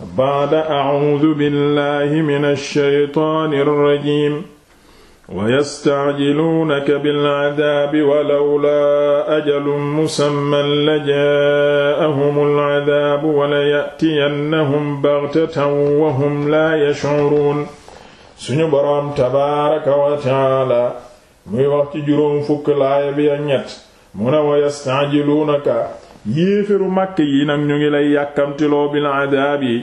baada acuudu billahi min alshaytaani alrajim wa yastacjiluunaka bilcadaabi walawlaa ajalun musamman la jaa'ahum alcadaabu wala ya'tiyannahum baghtatan wa hum laa yashcuruun suñu boroom tabaaraka wa tacaala muy wax ci juróom fukk laaya bi ak ñett mu ne wa yastacjiluunaka yéefiru màkk yi nag ñu ngi lay yàkkamtiloo bilcadaabi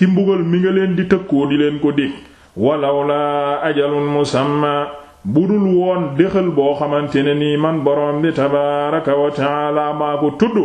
ci mbugal mi nga leen di tëkkoo di leen ko dig walaw laa ajalun musamma bu dul woon déxal boo xamante ne nii man borom bi tabaaraka wa taala ko tudd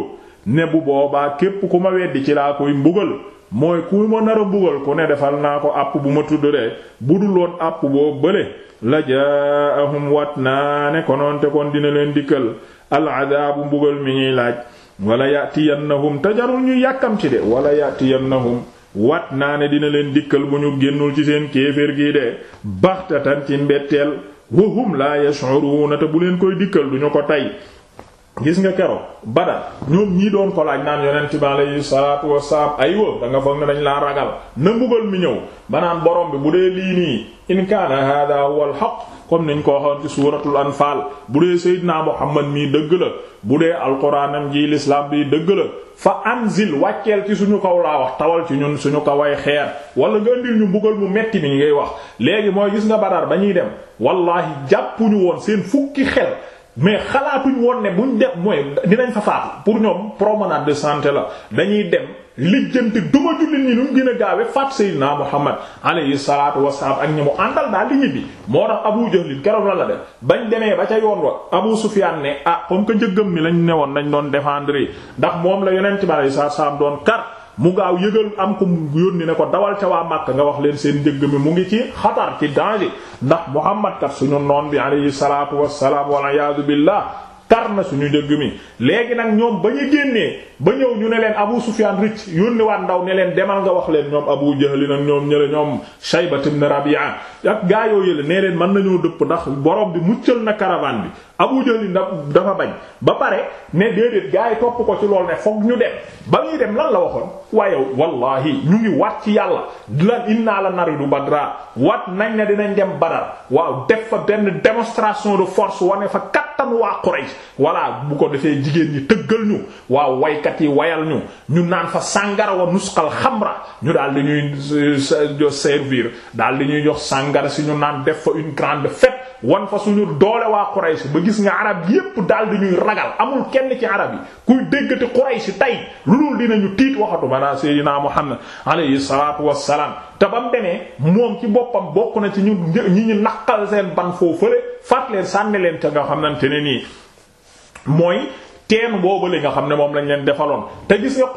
ne bu boobaa képp ku ma weddi ci laa koy mbugal mooy ku ma nar mbugal ku ne defal naa ko app bu ma tudd de bu dul woon àpp boo bële la jaahum wat naa ne konoonte kon dina leen dikkal al'adaabu mbugal mi ñuy laaj wala yatiyannahum te jarul ñu yàkkamti de wala yatiyannahum wat naa ne dina leen dikkal bu ñu génnul ci seen kéeféer gii de baxtatan ci mbetteel wahum laa yash'uruna te bu leen koy dikkal duñu ko tey gis nga kero Badar ñoom ñii doon ko laaj naan yonent bi alayhi salaatu wassalaam aywa da nga foog ne dañ laa ragal na mbugal mi ñëw ba naan borom bi bu dee lii nii in kaana haadaa comme niñ ko waxoon ci suuratul anfaal bu dee Seydina Muhammad mii dëgg la bu dee alquraanam ji lislaam bi dëgg la fa anzil wàcceel ci suñu kaw laa wax tawal ci ñun suñu kaway xeer wala nga indil ñu mbugal mu metti mi ñu ngay wax léegi mooy gis nga Badar ba ñuy dem wallaahi jàppuñu woon seen fukki xel mais xalaatuñ woon ne buñ def mooy dinañ fa faatu pour ñoom promenade de santé la dañuy dem lijjanti duma jullit ñi nu mu gën a gaawe faat Seydina Muhammad alayhi salaatu wassalaam ak ñi mu àndal daal li ñibbi moo tax Abu Jahl keroog la la def bañ demee ba ca yoon wa Abu Sufyaan ne ah comme que njëggam mi lañ newoon dañ doon défendre ndax moom la yonent bi alayhi salaatu wassalaam doon kar mu gaaw yëgal am ko yónni ne ko dawal ca waa màkk nga wax leen seen njëgg mi mu ngi ci xatar ci danger ndax Muhammad kat suñu noon bi alayhi salaatu wassalaam wal iyaadu billah tar na suñu njëgg mi léegi nag ñoom ba ñu génnee ba ñëw ñu ne leen Abu Sufyan ricc yónniwaat ndaw ne leen demal nga wax leen ñoom Abu Jahl nag ñoom ñële ñoom Shaybat ibn Rabi'a ak gaa yoo yële ne leen mën nañoo dëpp ndax borom bi mu muccal na caravane bi Abu Jahl dafa bañ ba pare ne déedéet gaa yi topp ko ci lool ne foog ñu dem ba ñuy dem lan la waxoon waaye wallahi ñu ngi wat ci yàlla lan innaa la naridu Badra wat nañ ne dinañ dem Badar waaw def fa benn démonstration de force wane fa kat askanu waa Quraysh voilà bu ko defee jigéen ñi tëggal ñu waa waykat yi wayal ñu ñu naan fa sàngara wa nusqal xamra ñu daal di ñuy euh, servir daal di ñuy jox sàngara si ñu naan def fa une grande fête wan fa suñu doole waa Quraysh ba gis nga arab yépp daal di ñuy ragal amul kenn ci arab yi kuy déggati Quraysh tey loolu dinañu tiit waxatu maanaam Seydina Muhammad alayhi salaatu wassalaam te ba mu demee moom ci boppam bokk na ci ñu ñi ñu naqal seen ban foofu fële faat leen sànni leen te nga xamante ne nii mooy teen boobu li nga xam ne moom lañ leen defaloon te gis nga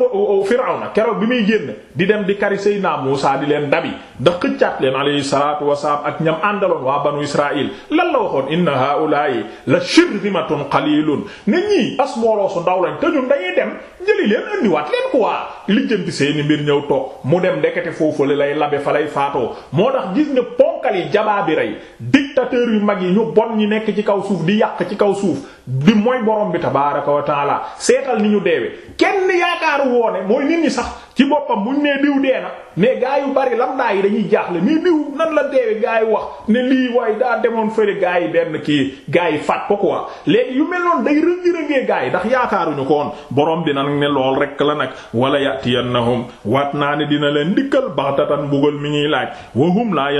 Firawna keroog bi muy génn di dem di kari naa Muusaa di leen dabi da xëccaat leen alayhi salaatu wasalaam ak ñam àndaloon waa banu Israil lan la waxoon inna haa'ulaa'i la shirzimatun qaliilun ne ñii as mbooloo ndaw lañ te ñun dañuy dem jëli leen andiwaat leen quoi lijjanti seeni mbir ñëw toog mu dem ndekete foofale lay labe fa lay faatoo moo tax gis nga ponkal yi jabaabira yi dictateur yu mag yi ñu bon ñi nekk ci kaw suuf di yàq ci kaw suuf di mooy borom bi tabaaraka wa taala seetal ni ñu deewe kenn yaakaaru woone mooy nit ñi sax ci boppam buñ nee diw dee na mais gaa yu bari lamdaa yi dañuy jaaxle mais diw nan la deewee gaa yi wax ne lii waaye daa demoon fële gaa yi benn kii gaa yi faat ko quoi léegi yu mel noonu day rëngi-rëngee gaa yi ndax yaakaaruñu ko woon borom bi nag ne lool rek la nag wala yatiyannahum wat naa ne dina leen dikkal baxtatan mbugal mi ñuy laaj wahum la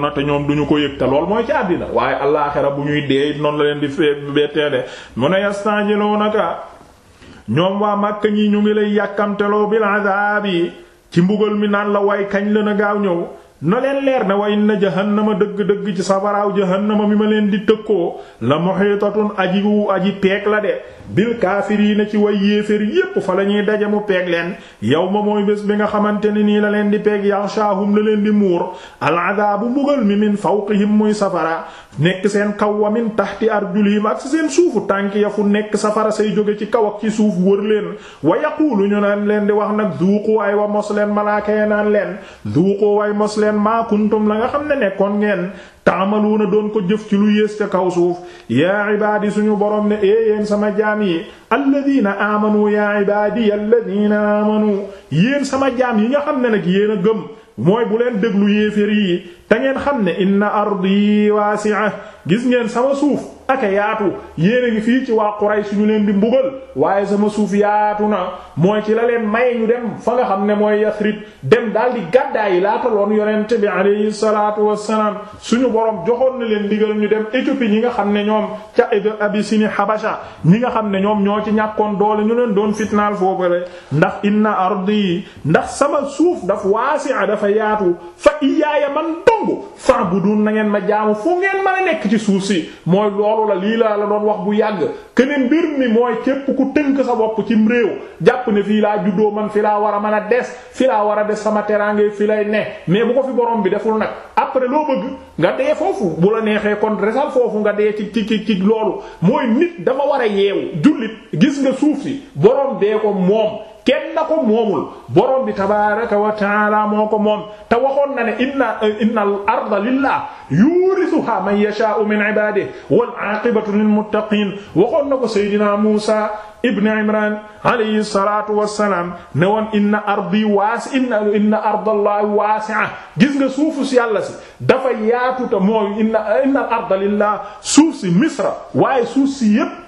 na te ñoom duñu ko yëg te lool mooy ci àddina waaye àllaxira bu ñuy dee noonu la leen di fee bettee de ñoom waa Màkka ñi ñu ngi lay yàkkamteloo bil azaabi ci mbugal mi naan la way kañ la na gaaw ñëw noo leen leer ne way na jahannama dëgg-dëgg ci sabaraaw jahannama mi ma leen di tëkkoo la muhitatun aji wu aji peek la de bil kaafiriina ci way yéeféer yépp fa la ñuy daje mu peeg leen ma mooy bés bi nga xamante ne nii la leen di peeg yaxshaahum la leen di muur al'adaabu mbugal mi min fawqihim muy safara nekk seen kaw wa min tahti arjulihim ak seen suufu tànk ya fu nekk safara say jóge ci kaw ak ci suuf wër leen wa yaqulu ñu naan leen di wax nag duuqu waay wa mos leen malaaka ya naan leen duuqu waay mos leen maa la nga xam ne nekkoon ngeen na doon ko jëf ci lu yées ca kaw suuf yaa ibaadi suñu borom ne ee yéen sama jaam yi alladina amanu yaa ibaadi alladina amanu yéen sama jaam yi nga xam ne nag yéen a gëm mooy bu leen déglu yéefér yi te ngeen xam ne inna ardi waasi'a gis ngeen sama suuf aka yaatu yéen a ngi fii ci waa Quraysh suñu leen di mbugal waaye sama suuf yaatu na mooy ci la leen may ñu dem fa nga xam ne mooy Yasrib dem daal di gàddaa yi laata loon yonent bi alayhi salaatu wassalaam suñu boroom joxoon na leen digal ñu dem Éthiopie ñi nga xam ne ñoom ca Abyssinie Habasha ñi nga xam ne ñoom ñoo ci ñàkkoon doole ñu leen doon fitnaal foofale ndax inna ardi ndax sama suuf daf waasi'a dafa yaatu fa iyaaya man dong fa'budun na ngeen ma jaamu fu ngeen a nekk ci suuf si loolu la lii laa la doon wax bu yàgg keneen mbir mi mooy képp ku tënk sa bopp cim réew jàpp ne fii laa juddoo man fi laa war a man a des fi laa war a des sama teraange fi lay ne mais bu ko fi borom bi deful nag après loo bëgg nga dee foofu bu la neexee kon resal foofu nga dee ci ci ci loolu mooy nit dafa war a yeewu jullit gis nga suuf si borom dee ko moom kenn na ko moomul borom bi tabaaraka wa taala moo ko moom te waxoon na ne inna inna min ibaadihi wal aaqibatu lil muttaqiin waxoon na ko seydina Muusa ibn Imran alayhi suufu si yàlla si dafa yaatuta mooy inna inna lillah suuf si misra waaye suuf si yépp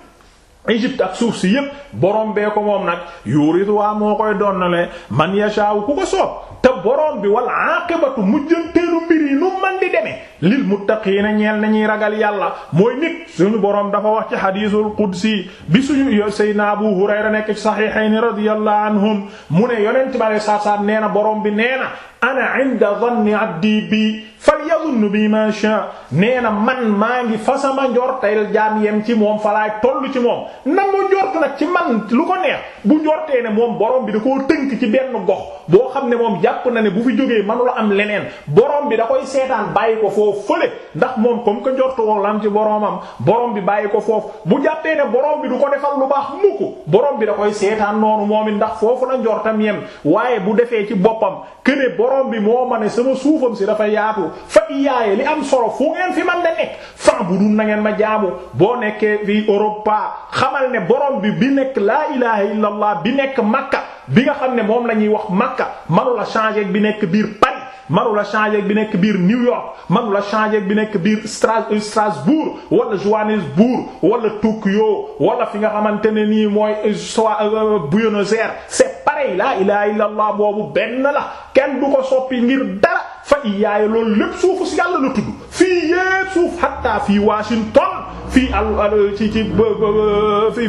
Égypte ak suuf si yépp borom bee ko moom nag yuuritu waa moo koy donnale man yashaaw ku ko soob te borom bi wal aqibatu mujjanteelu mbir yi nu man di demee lil muttaqiina ñeel nañuy ragal yàlla mooy nit suñu boroom dafa wax ci xadiisul qudsi bi suñu Seydina Abu Hurayra nekk ci saxiixayni radiyallahu anhum mu ne yonent bi saa nee na borom bi nee na ana inda dhanni abdi bi falyadhun bi ma sha nee na man maa ngi fa sama njorteel jaam yem ci moom falaay toll ci moom na mu njort nag ci man lu ko neex bu njortee ne moom borom bi da koo tënk ci benn gox boo xam ne moom jàpp na ne bu fi jógee manula am leneen borom bi da koy seetaan bàyyi ko foofu fële ndax moom comme que njortu woon lam ci boromam boroom bi bàyyi ko foofu bu jàppee ne borom bi du ko defal lu baax mukk boroom bi da koy seetaan noonu moom it ndax foofu la njortam yem waaye bu defee ci boppam borom bi moo ma ne sama suufam si dafa yaatu fa iyaaye li am solo fu ngeen fi man da nekk fan bu dul na ngeen ma jaamu boo nekkee fi Europe xamal ne borom bi bi nekk laa ilaha illallah bi nekk Makka bi nga xam ne moom la ñuy wax Makka manula changer bi nekk biir Paris manu la changer bi nekk biir New York manu la changer bi nekk biir euh, Strasbourg wala Johannesburg wala Tokyo wala fi nga xamante ne nii mooy euh, soit euh, Buenos Aires c'est pareil la ilaha illallah boobu benn la kenn du ko soppi ngir dara fa iyaaye loolu lépp suufu si yàlla la tudd fii yépp suuf hatta fii Washington fii al ci ci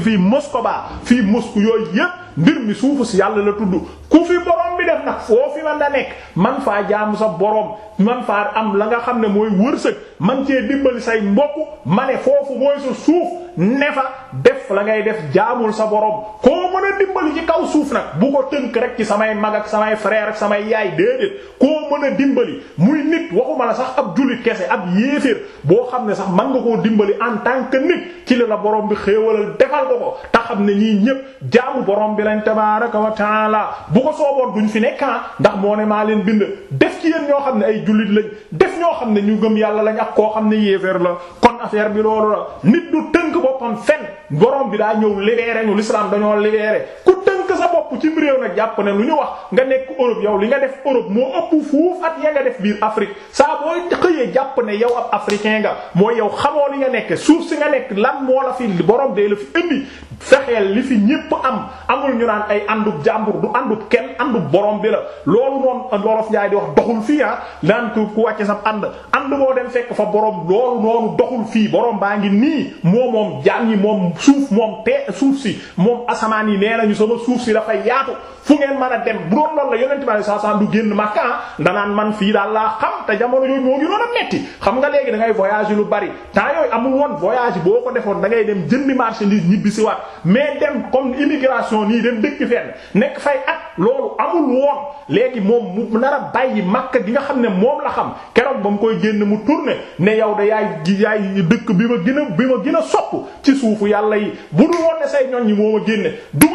fii Moscou ba fii Moscou yooyu yépp mbir mi suufu si yàlla la tudd ku fi borom bi def nag foo fi man da nekk man faa jaamu sa borom man faa am la nga xam ne mooy wërsëg man cee dimbali say mbokk ma ne foofu mooy sa suuf ne fa def la ngay def jaamul sa borom ko dimbali ci kaw suuf nag bu ko tënk rek ci samay mag ak samay frère ak samay yaay déedéet koo mën a dimbali muy nit waxuma la sax ab jullit kese ab yéeféer boo xam ne sax man nga koo dimbali en tant que nit ci la la borom bi xéewalal defal ko ko tax xam ne ñii ñépp jaamu borom bi lañ tabaaraka wa taala bu ko sooboon duñ fi nekk ah ndax moo ne maa leen bind def ci yéen ñoo xam ne ay jullit lañ def ñoo xam ne ñu gëm yàlla lañ ak koo xam ne yéeféer la kon affaire bi loolu nit du tënk boppam fen borom bi daa ñëw libéré ñu l'islam dañoo libéré ku que sa bopp ci réew nag jàpp ne lu ñu wax nga nekk Europe yow li nga def Europe moo ëpp fuuf at ya nga def biir Afrique saa booy xëyee jàpp ne yow ab africain nga mooy yaw xamoo li nga nekk suuf si nga nekk lan moo la borom dee la fi fexeel li fi ñépp am amul ñu naan ay àndub jàmbur du àndub kenn àndub borom bi la loolu moom lorof Njaay di wax doxul fii ah naan ku ku ànd ànd boo dem fekk fa borom loolu noonu doxul fii borom baa ngi nii moo moom jaam yi moom suuf moom te suuf si moom asamaan yi nee nañu sama suuf suuf si dafa yaatu fu ngeen mën a dem bu doon loolu la yooyu moo ngi doon a metti xam nga léegi da ngay voyage lu bari temps yooyu amul woon voyage boo ko defoon da ngay dem jëndi marchandise ñibbi si waat mais dem comme immigration nii dem dëkk fenn nekk fay at loolu amul woon léegi moom mu nar a bàyyi Makka gi nga xam ne moom la xam keroog ba mu koy génn mu tourné ne yow da yaay yaay dëkk bi ma gën bi ma a sopp ci suufu yàlla yi bu dul woon ne say ñoñ ñi moo ma génne du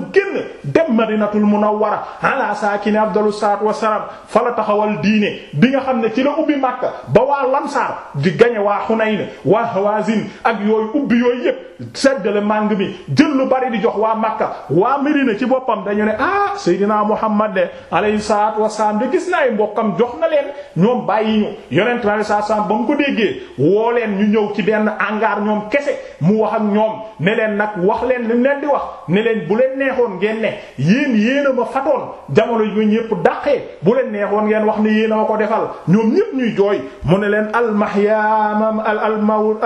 mu génn dem madinatul munawwara ala saakini afdalu salaatu wassalaam fa la taxawal diine bi nga xam ne ci la ubbi Makka ba waa Lamsaar di gañe waa Hunayn waa Hawazin ak yooyu ubbi yooyu yépp seddale màng mi jël lu bari di jox waa Makka waa na ci boppam dañu ne ah Seydina Muhammad de alayhi salaatu wasalaam de gis na ay mbokkam jox na leen ñoom bàyyi ñu yonent alayhi salaatu wasalaam ba mu ko déggee woo leen ñu ñëw ci benn angaar ñoom kese mu wax ak ñoom ne nag wax leen li mu leen di wax ne bu leen neexoon ngeen ne yéen yéen ma fatoon jamono yi ñépp dàqee bu leen neexoon ngeen wax ne yéen ma ko defal ñoom ñépp ñuy jooy mu ne leen almahyaamam al al mawul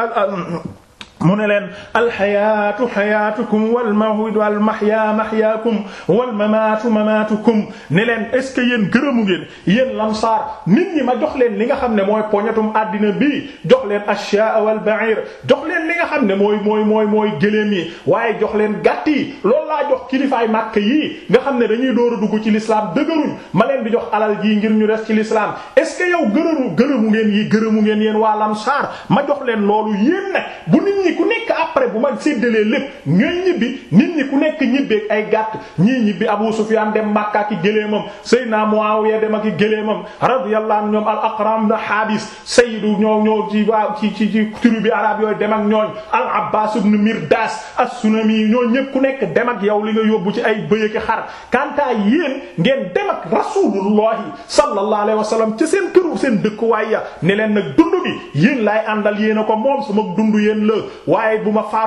mu ne leen alxayaatu xayaatukum wal mawtu wal mahyaa mahyaakum wal mamaatu mamaatukum ne leen est ce que yéen gërëmu ngeen yéen lamsaar nit ñi ma jox leen li nga xam ne mooy poñatum àddina bi jox leen ashyaa wal ba'iir jox leen li nga xam ne mooy mooy mooy mooy gëléem yi waaye jox leen gàtt yi loolu laa jox kilifaay màkk yi nga xam ne dañuy door a dugg ci lislaam dëgëruñ ma leen bi jox alal jii ngir ñu des ci lislaam est ce que yow gërëmu gërëmu ngeen yi gërëmu ngeen yéen waa lamsaar ma jox leen loolu yéen ma séddalee lépp ngay ñibbi nit ñi ku nekk ñibbeeg ay gàtt ñii ñibbi Abu Sufyaan dem Makka ki géléemam Seydina Muawiya dem ak i géléemam radiyallahu anhu ñoom al Aqram na Haabis sayyidu ñoo ñoo ci waa ci ci ci tribu arab yooyu dem ak ñooñ al Abbaas ibn Mirdaas as-Sulami ñoo ñëpp ku nekk dem yow li nga yóbbu ci ay bëy ak xar kanta yéen ngeen dem ak Rasuulullahi sallallahu alayhi wa sallam ci seen këru seen dëkkuwaay ya ne leen nag dund gi yéen laay àndal yéen a ko moom sama dund yéen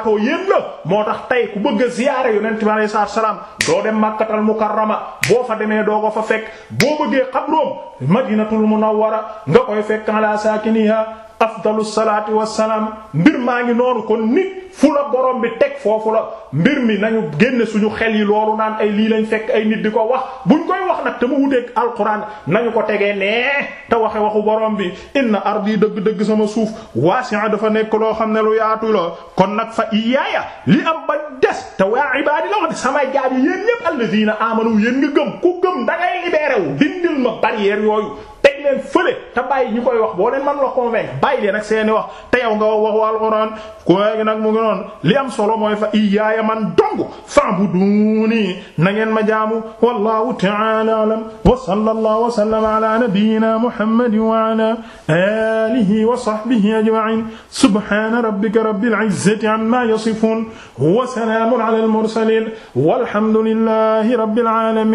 koo yéen la moo tax tey ku bëgg a ziyaare yonent bi alayhi salaatu salaam doo dem makkatal mukarrama boo fa demee doo ko fa fekk boo bëggee xabroom madinatul munawwara nga koy fekk ala saakiniha afdalu salaati wassalaam mbir maa ngi noonu kon nit fu la borom bi teg foofu la mbir mi nañu génne suñu xel yi loolu naan ay lii lañ fekk ay nit di ko wax buñ koy wax nag te mu wuteeg alquran nañu ko tegee nee te waxe waxu borom bi inna ardi dëgg-dëgg sama suuf wasi'a dafa nekk loo xam ne lu yaatu la kon nag fa iyaaya li am ba des te waa ibaadi la wax di samay jaar yi yéen ñépp alladina amanu yéen nga gëm ku gëm da ngay libéré wu dindil ma yooyu teg leen fële te bàyyi ñu koy wax boo leen mën la convaincre wax noonu li am solo mooy fa iyyaaya man dong fa'buduni na ngeen ma jaamu wallahu ta'ala a'lam wa sallallahu wa sallama ala nabiyyina muhammadin wa ala alihi wa sahbihi ajma'in subhana rabbika rabbil izzati amma yasifun wa salamun ala al mursalin walhamdulillahi rabbil alamin